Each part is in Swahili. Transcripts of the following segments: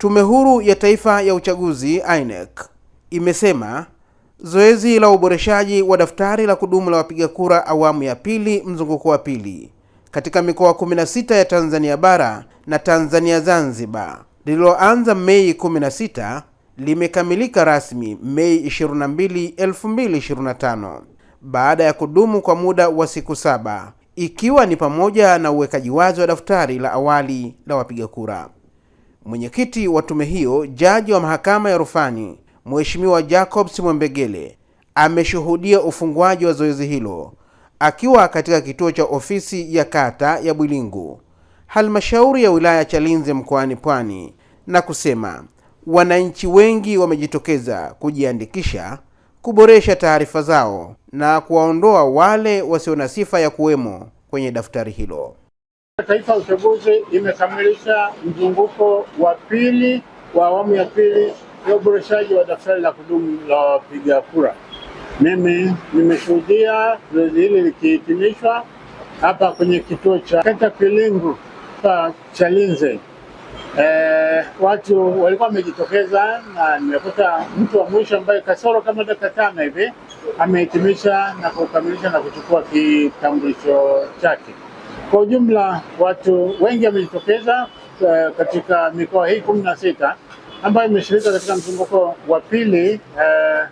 Tume Huru ya Taifa ya Uchaguzi INEC imesema zoezi la uboreshaji wa daftari la kudumu la wapiga kura awamu ya pili mzunguko wa pili katika mikoa 16 ya Tanzania bara na Tanzania Zanzibar lililoanza Mei 16 limekamilika rasmi Mei 22, 2025 baada ya kudumu kwa muda wa siku saba ikiwa ni pamoja na uwekaji wazi wa daftari la awali la wapiga kura. Mwenyekiti wa tume hiyo, jaji wa mahakama ya rufani Mheshimiwa Jacobs Mwambegele ameshuhudia ufungwaji wa zoezi hilo akiwa katika kituo cha ofisi ya kata ya Bwilingu, halmashauri ya wilaya ya Chalinze mkoani Pwani, na kusema wananchi wengi wamejitokeza kujiandikisha kuboresha taarifa zao na kuwaondoa wale wasio na sifa ya kuwemo kwenye daftari hilo. Taifa ya Uchaguzi imekamilisha mzunguko wa pili wa awamu ya pili ya uboreshaji wa daftari la kudumu la wapiga kura. Mimi nimeshuhudia zoezi hili likihitimishwa hapa kwenye kituo cha kata Pilingu pa Chalinze. E, eh, watu walikuwa wamejitokeza na nimekuta mtu wa mwisho ambaye kasoro kama dakika tano hivi amehitimisha na kukamilisha na kuchukua kitambulisho chake. Kwa ujumla watu wengi wamejitokeza uh, katika mikoa hii kumi na sita ambayo imeshirika katika mzunguko wa pili uh,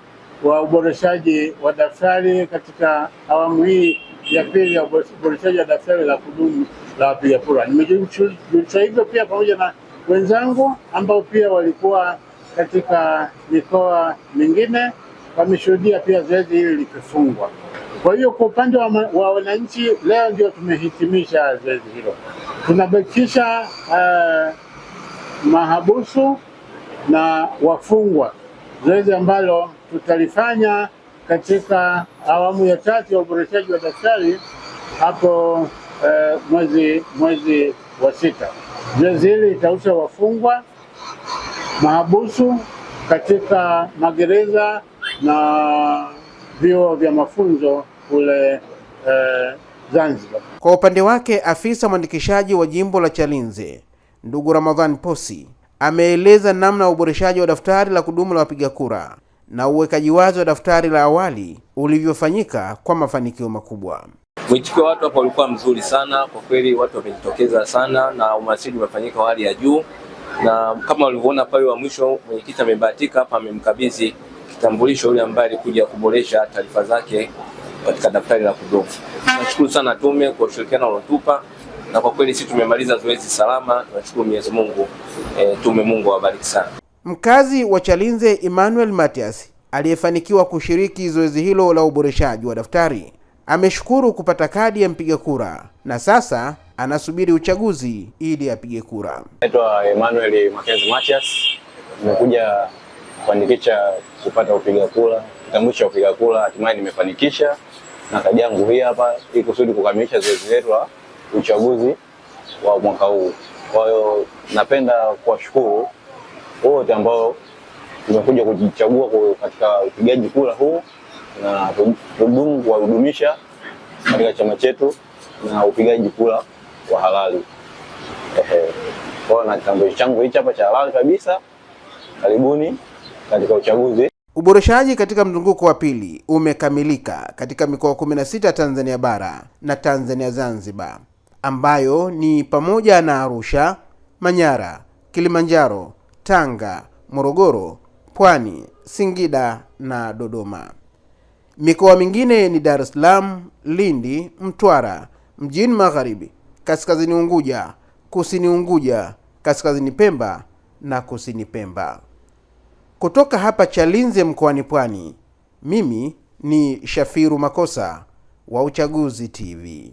wa uboreshaji wa daftari katika awamu hii ya pili ya uboreshaji wa daftari la kudumu la wapiga kura. Nimejumuisha hivyo pia pamoja na wenzangu ambao pia walikuwa katika mikoa mingine, wameshuhudia pia zoezi hili likifungwa. Kwa hiyo kwa upande wa wananchi leo ndio tumehitimisha zoezi hilo. Tunabakisha uh, mahabusu na wafungwa, zoezi ambalo tutalifanya katika awamu ya tatu ya uboreshaji wa daftari hapo uh, mwezi mwezi wa sita. Zoezi hili litahusu wafungwa mahabusu katika magereza na vyuo vya mafunzo kule eh, Zanzibar. Kwa upande wake, afisa mwandikishaji wa jimbo la Chalinze ndugu Ramadhan Posi ameeleza namna ya uboreshaji wa daftari la kudumu la wapiga kura na uwekaji wazi wa daftari la awali ulivyofanyika kwa mafanikio makubwa. Mwitikio wa watu hapa ulikuwa mzuri sana kwa kweli, watu wamejitokeza sana na umasiri umefanyika hali ya juu, na kama walivyoona pale wa mwisho, mwenyekiti amebahatika hapa, amemkabidhi kitambulisho yule ambaye alikuja kuboresha taarifa zake katika daftari la kudumu. Tunashukuru sana tume kwa ushirikiano uliotupa na kwa kweli sisi tumemaliza zoezi salama, tunashukuru Mwenyezi Mungu. E, tume Mungu awabariki sana. Mkazi wa Chalinze Emmanuel Matias aliyefanikiwa kushiriki zoezi hilo la uboreshaji wa daftari ameshukuru kupata kadi ya mpiga kura na sasa anasubiri uchaguzi ili apige kura. Naitwa Emmanuel Matias, nimekuja kufanikisha kupata upiga kula, kitambulisho cha upiga kula. Hatimaye nimefanikisha na kadi yangu hii hapa, ili kusudi kukamilisha zoezi letu la uchaguzi wa mwaka huu. Kwa hiyo napenda kuwashukuru wote ambao tumekuja kujichagua katika upigaji kula huu na tudumu kuwahudumisha katika chama chetu na upigaji kula wa halali. Kwa hiyo na kitambulisho changu hichi hapa cha halali kabisa. Karibuni katika uchaguzi. Uboreshaji katika mzunguko wa pili umekamilika katika mikoa 16 Tanzania bara na Tanzania Zanzibar ambayo ni pamoja na Arusha, Manyara, Kilimanjaro, Tanga, Morogoro, Pwani, Singida na Dodoma. Mikoa mingine ni Dar es Salaam, Lindi, Mtwara, Mjini Magharibi, Kaskazini Unguja, Kusini Unguja, Kaskazini Pemba na Kusini Pemba. Kutoka hapa Chalinze mkoani Pwani, mimi ni Shafiru Makosa wa Uchaguzi TV.